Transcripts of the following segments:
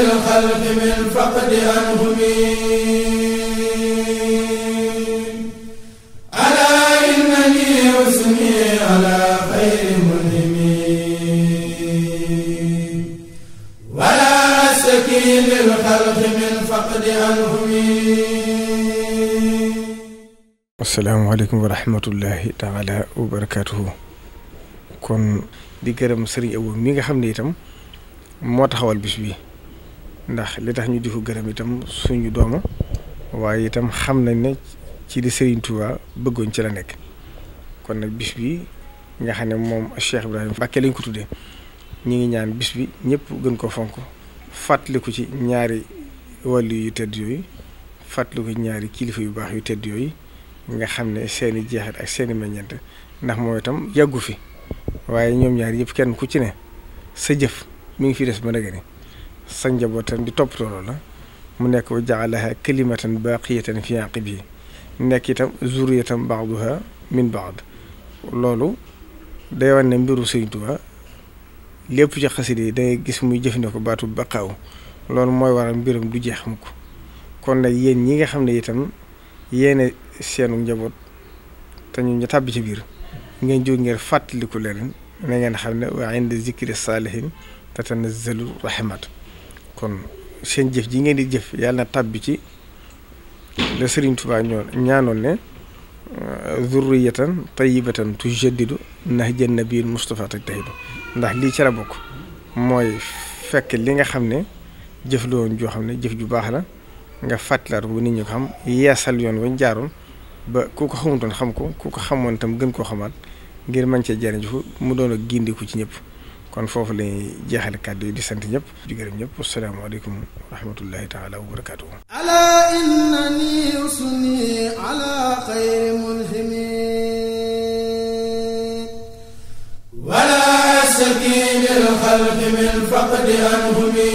الخلق من فقد أنهم ألا إنني أسمي على خير ملهم ولا أشتكي للخلق من فقد أنهم السلام عليكم ورحمة الله تعالى وبركاته كن دي كرم سري أو ميغا خمني تم خوال بشبيه ndax li tax ñu di ko gërëm itam suñu doomu waaye itam xam nañ ne ci di Serigne Touba bëggoon ci la nekk kon nag bis bi nga xam ne moom Cheikh Ibrahima Mbacké lañ ko tuddee ñu ngi ñaan bis bi ñëpp gën ko fonk fàttaliku ci ñaari wàllu yu tedd yooyu fàttaliku ci ñaari kilifa yu baax yu tedd yooyu nga xam ne seeni jeexit ak seeni meññeent ndax mooy itam yàggu fi waaye ñoom ñaar yëpp kenn ku ci ne sa jëf mi ngi fi des ba nag sa njabootam di toppatoo loola mu nekk wa jaalaha kalimatan baqiyatan fi aqibi nekk itam zuriyatan baaduha min baad loolu day wane ne mbiru Sëriñ Tuubaa lépp ci xasida yi dangay gis muy jëfandikoo ko baatu baqaaw loolu mooy waral mbiram du jeex mukk kon nag yéen ñi nga xam ne itam yéene seenu njaboot te ñu ñu tàbbi ci biir ngeen jóg ngeen fàttaliku leen na ngeen xam ne wa inda zikri saalihin tatanazzalu rahimat kon seen jëf ji ngeen di jëf yàlla na bi ci la Serigne Touba ñoo ñaanoon ne euh, zurriyatan tayyibatan ndax nahjan nabiyil Mustafa tak tayiba ndax lii ci bokk mooy fekk li nga xam ne jëf la woon joo xam ne jëf ju baax la nga fàttalaat bu nit ñu ko xam yeesal yoon wañ jaaroon ba ku ko xamutoon xam ko ku ko xamoon itam gën koo xamaat ngir mën cee jariñ mu doon ak gindiku ci ñëpp kon foofu la ñuy jeexale kàddu yi di sant ñëpp di gërëm ñëpp asalaamaaleykum wa rahmatullahi taala wa barakaatu ala innani usni ala xayri mulhimi wala astaki lil xalqi min faqdi anhumi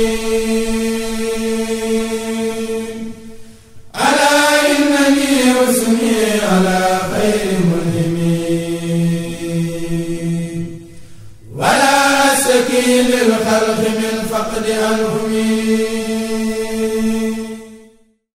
ala innani usni ala الخلق من فقد ألهمي